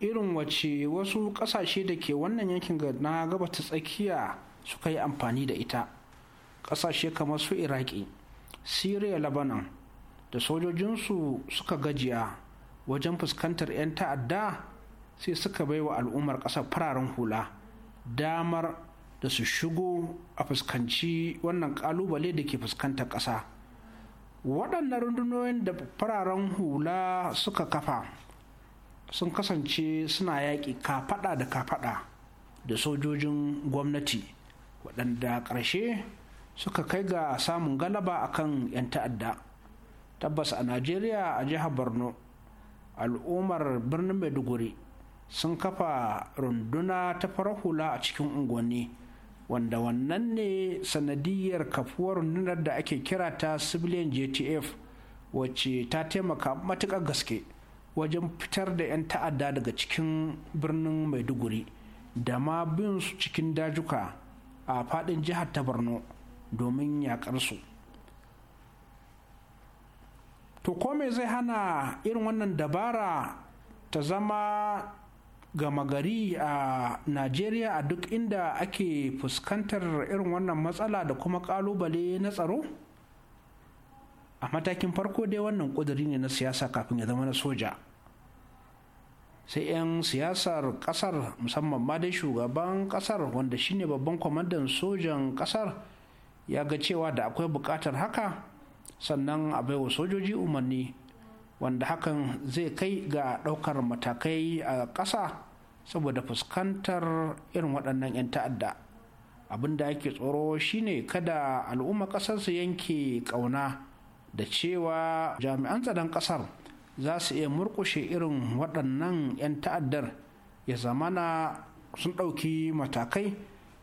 irin wace wasu kasashe da ke wannan yankin na gaba ta tsakiya suka yi amfani da ita kasashe kamar su iraki syria lebanon da sojojinsu suka gajiya wajen fuskantar 'yan ta'adda sai suka bai wa al'ummar ƙasar fararen hula damar da su shigo a fuskanci wannan kalubale da ke fuskantar ƙasa. waɗannan rundunoyin da fararen hula suka kafa sun kasance suna yaƙi kafaɗa da kafaɗa da sojojin gwamnati waɗanda ƙarshe suka kai ga samun galaba a kan 'yan ta'adda tabbas a najeriya a jihar borno al'ummar birnin maiduguri sun kafa runduna ta farar hula a cikin unguwanni wanda wannan ne sanadiyar kafuwar nunar da ake kira ta civilian jtf wacce ta taimaka matuƙar gaske wajen fitar da 'yan ta'adda daga cikin birnin maiduguri da ma bin su cikin dajuka a faɗin jihar ta borno domin yaƙarsu? su to kome zai hana irin wannan dabara ta zama gama gari a najeriya a duk inda ake fuskantar irin wannan matsala da kuma kalubale na tsaro a matakin farko dai wannan ƙudiri ne na siyasa kafin ya zama na soja sai 'yan siyasar ƙasar, musamman ma dai shugaban ƙasar wanda shine babban kwamandan sojan ƙasar, ya ga cewa da akwai buƙatar haka sannan a baiwa sojoji umarni wanda hakan zai kai ga ɗaukar matakai a ƙasa saboda fuskantar irin waɗannan 'yan ta'adda abin da ake tsoro shine kada al'umma ƙasar su yanke ƙauna da cewa jami'an tsaron ƙasar za su iya murƙushe irin waɗannan 'yan ta'addar ya zamana sun ɗauki matakai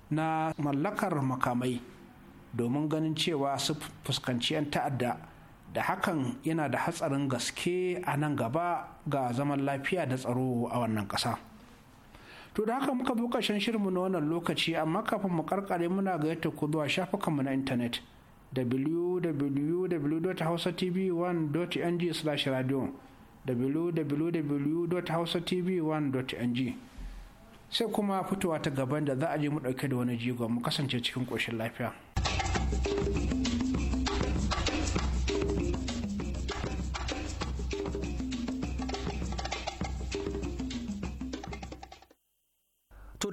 na mallakar makamai domin ganin cewa su fuskanci 'yan ta'adda da hakan yana da hatsarin gaske a nan gaba ga zaman lafiya da tsaro a wannan ƙasa. To da haka muka bi ƙarshen shirinmu na wannan lokaci amma kafin mu karkare muna ga yadda ku zuwa shafukanmu na intanet www.hausatv1.ng/radio www.hausatv1.ng sai kuma fitowa ta gaban da za a je mu ɗauke da wani jigon mu kasance cikin ƙoshin lafiya.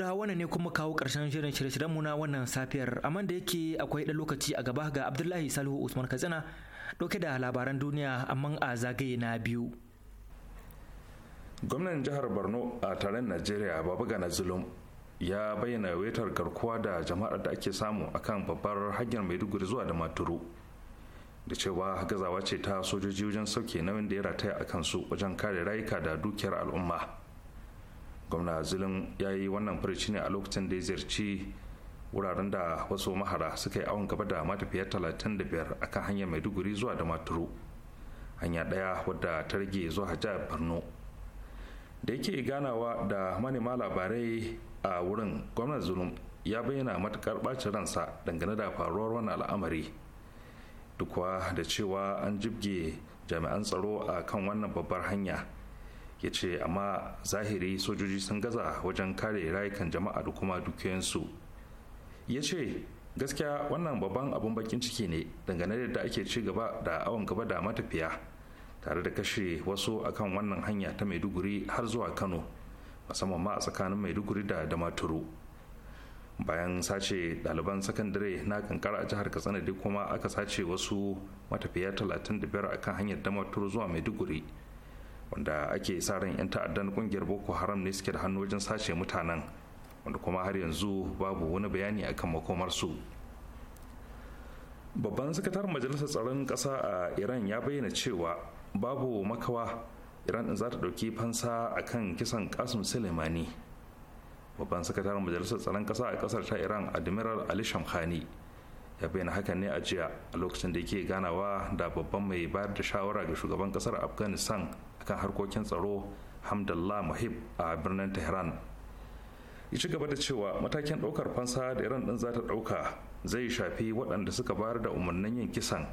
saboda wannan ne kuma kawo karshen shirin shirye-shiryen mu na wannan safiyar amma da yake akwai dan lokaci a gaba ga Abdullahi Salihu Usman Katsina dauke da labaran duniya amma a zagaye na biyu. Gwamnan jihar Borno a taron Najeriya babu Zulum ya bayyana wetar garkuwa da jama'ar da ake samu akan babbar hanyar Maiduguri zuwa da Maturu. da cewa gazawa ce ta sojoji wajen sauke nauyin da ya rataya a kansu wajen kare rayuka da dukiyar al'umma gwamna zulum ya yi wannan furici ne a lokacin da ya ziyarci wuraren da wasu mahara suka yi awon gaba da matafiyar talatin da biyar akan hanyar maiduguri zuwa da maturu hanya ɗaya wadda ta rage zuwa jihar borno da yake ganawa da manema labarai a wurin gwamnan zulum ya bayyana matukar ɓacin ransa dangane da faruwar wani al'amari duk da cewa an jibge jami'an tsaro a kan wannan babbar hanya ya ce amma zahiri sojoji sun gaza wajen kare rayukan jama'a da kuma dukiyansu ya ce gaskiya wannan babban abin bakin ciki ne dangane da yadda ake ci gaba da awon gaba da matafiya tare da kashe wasu akan wannan hanya ta maiduguri har zuwa kano musamman ma a tsakanin maiduguri da damaturu bayan sace ɗaliban sakandare na kankara a jihar katsina duk kuma aka sace wasu matafiya 35 akan hanyar damaturu zuwa maiduguri wanda ake sa ran 'yan ta'addan kungiyar boko haram ne suke da hannu wajen sace mutanen wanda kuma har yanzu babu wani bayani akan makomarsu babban sakatar majalisar tsaron ƙasa a iran ya bayyana cewa babu makawa iran za ta ɗauki fansa akan kisan kasim suleimani babban sakataren majalisar tsaron ƙasa a ƙasar ta iran admiral ali shamkhani ya bayyana hakan ne a jiya a lokacin da yake ganawa da babban mai bayar da shawara ga shugaban ƙasar afghanistan kan harkokin tsaro hamdallah muhib a birnin tehran ya ci gaba da cewa matakin ɗaukar fansa da iran din za ta ɗauka zai shafi waɗanda suka bayar da umarnin yin kisan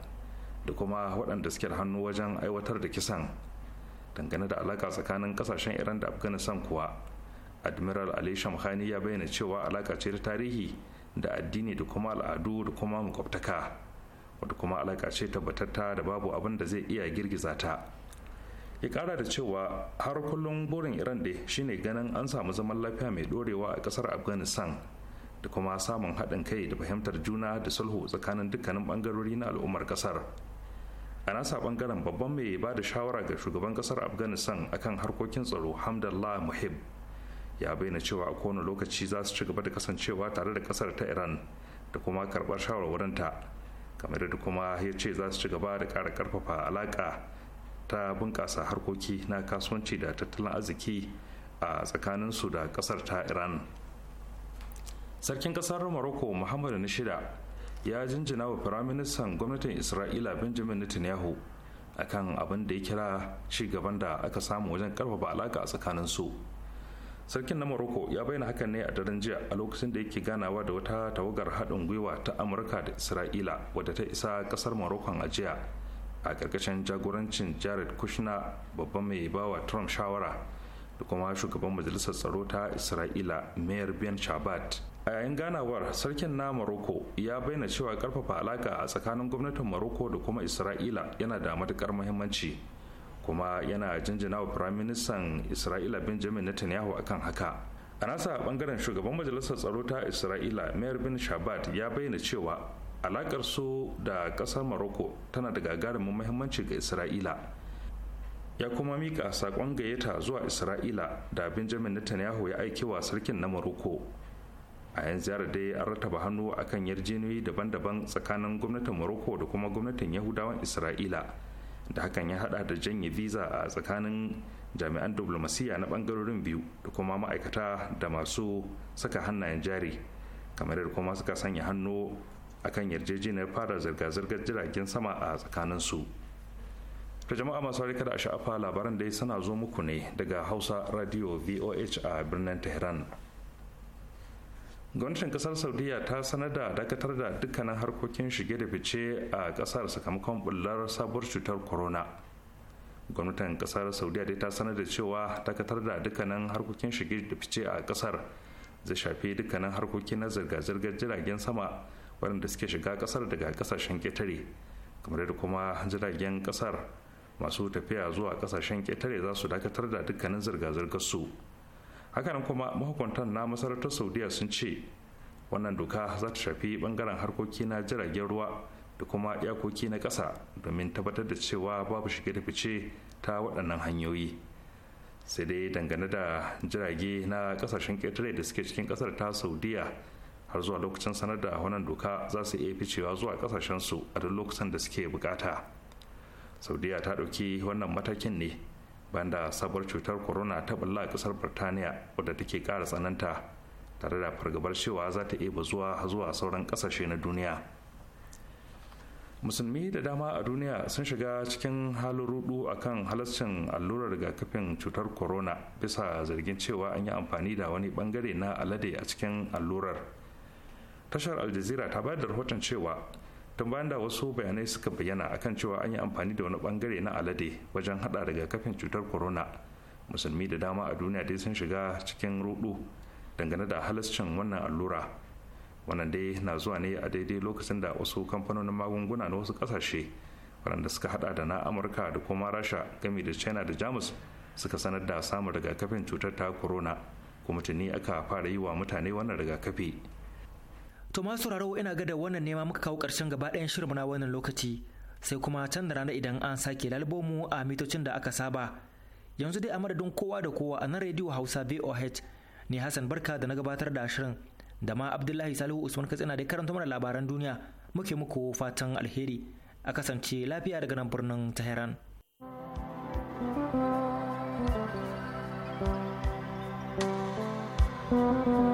da kuma waɗanda suke da hannu wajen aiwatar da kisan dangane da alaka tsakanin ƙasashen iran da afghanistan kuwa admiral ali shamkhani ya bayyana cewa alaka ce ta tarihi da addini da kuma al'adu da kuma makwabtaka wadda kuma alaka ce tabbatatta da babu abin da zai iya girgiza ta ya kara da cewa har kullum burin iran ɗe shine ganin an samu zaman lafiya mai dorewa a ƙasar afghanistan da kuma samun haɗin kai da fahimtar juna da sulhu tsakanin dukkanin bangarori na al'ummar ƙasar a nasa ɓangaren babban mai ba da shawara ga shugaban ƙasar afghanistan akan harkokin tsaro hamdallah muhib ya bayyana cewa a kowane lokaci za su ci gaba da kasancewa tare da ƙasar ta iran da kuma karɓar shawarwarinta kamar da kuma ya ce za su ci gaba da ƙara ƙarfafa alaƙa ta bunƙasa harkoki na kasuwanci da tattalin arziki a tsakanin su da ƙasar ta iran sarkin ƙasar morocco muhammadu na shida ya jinjina wa firaministan gwamnatin isra'ila benjamin netanyahu akan abin da ya kira ci gaban da aka samu wajen karfafa alaka a tsakanin su sarkin na morocco ya bayyana hakan ne a daren jiya a lokacin da yake ganawa da wata tawagar haɗin gwiwa ta amurka da isra'ila wadda ta isa ƙasar morocco a jiya a ƙarƙashin jagorancin jared kushner babban mai bawa trump shawara da kuma shugaban majalisar tsaro ta isra'ila mayor ben shabat a yayin ganawar sarkin na maroko ya bayyana cewa karfafa alaka a tsakanin gwamnatin maroko da kuma isra'ila yana da matukar muhimmanci kuma yana jinjina wa firaministan isra'ila benjamin netanyahu akan haka a nasa bangaren shugaban majalisar tsaro ta isra'ila mayor bin shabat ya bayyana cewa alakar su da kasar morocco tana da gagarumin muhimmanci ga isra'ila ya kuma mika saƙon gayyata zuwa isra'ila da benjamin netanyahu ya aiki wa sarkin na morocco a yan ziyarar dai an rataba hannu a kan yarjejeniyoyi daban-daban tsakanin gwamnatin morocco da kuma gwamnatin yahudawan isra'ila da hakan ya haɗa da janye visa a tsakanin jami'an diplomasiya na bangarorin biyu da kuma ma'aikata da masu saka hannayen jari kamar da kuma suka sanya hannu akan yarjejeniyar fara zirga-zirgar jiragen sama a tsakanin su ta jama'a masu harika a sha'afa labaran dai suna zo muku ne daga hausa radio voh a birnin tehran gwamnatin kasar saudiya ta sanar da dakatar da dukkanin harkokin shige da fice a kasar sakamakon bullar sabuwar cutar corona gwamnatin kasar saudiya dai ta sanar da cewa dakatar da dukkanin harkokin shige da fice a kasar zai shafi dukkanin harkokin na zirga-zirgar jiragen sama waɗanda suke shiga ƙasar daga ƙasashen ƙetare kamar yadda kuma jiragen ƙasar masu tafiya zuwa ƙasashen ƙetare za su dakatar da dukkanin zirga-zirgar su hakanan kuma mahukuntan na masarautar saudiya sun ce wannan doka za ta shafi bangaren harkoki na jiragen ruwa da kuma iyakoki na ƙasa domin tabbatar da cewa babu shige da fice ta waɗannan hanyoyi sai dai dangane da jirage na ƙasashen ƙetare da suke cikin ƙasar ta saudiya har zuwa lokacin sanar da wannan doka za su iya ficewa zuwa su a duk lokacin da suke bukata saudiya ta ɗauki wannan matakin ne bayan da sabuwar cutar corona ta balla a ƙasar birtaniya wadda take ƙara tsananta tare da fargabar cewa za ta iya bazuwa zuwa sauran ƙasashe na duniya musulmi da dama a duniya sun shiga cikin halin rudu akan halascin allurar rigakafin cutar corona bisa zargin cewa an yi amfani da wani bangare na alade a cikin allurar tashar al jazeera ta bayar da rahoton cewa tun bayan da wasu bayanai suka bayyana akan cewa an yi amfani da wani bangare na alade wajen hada daga kafin cutar corona musulmi da dama a duniya dai sun shiga cikin rudu dangane da halascin wannan allura wannan dai na zuwa ne a daidai lokacin da wasu kamfanonin magunguna na wasu kasashe waɗanda suka hada da na amurka da kuma rasha gami da china da jamus suka sanar da samun rigakafin cutar ta corona kuma tuni aka fara yi wa mutane wannan rigakafi To masu sauraro ina ga da wannan nema muka kawo ƙarshen gaba ɗayan shirin na wannan lokaci sai kuma can da rana idan an sake lalbomu a mitocin da aka saba. Yanzu dai a madadin kowa da kowa a nan rediyo Hausa VOH ne Hassan Barka da na gabatar da shirin da ma Abdullahi Salihu Usman Katsina da karanta mana labaran duniya muke muku fatan alheri a kasance lafiya daga nan birnin Tehran. thank you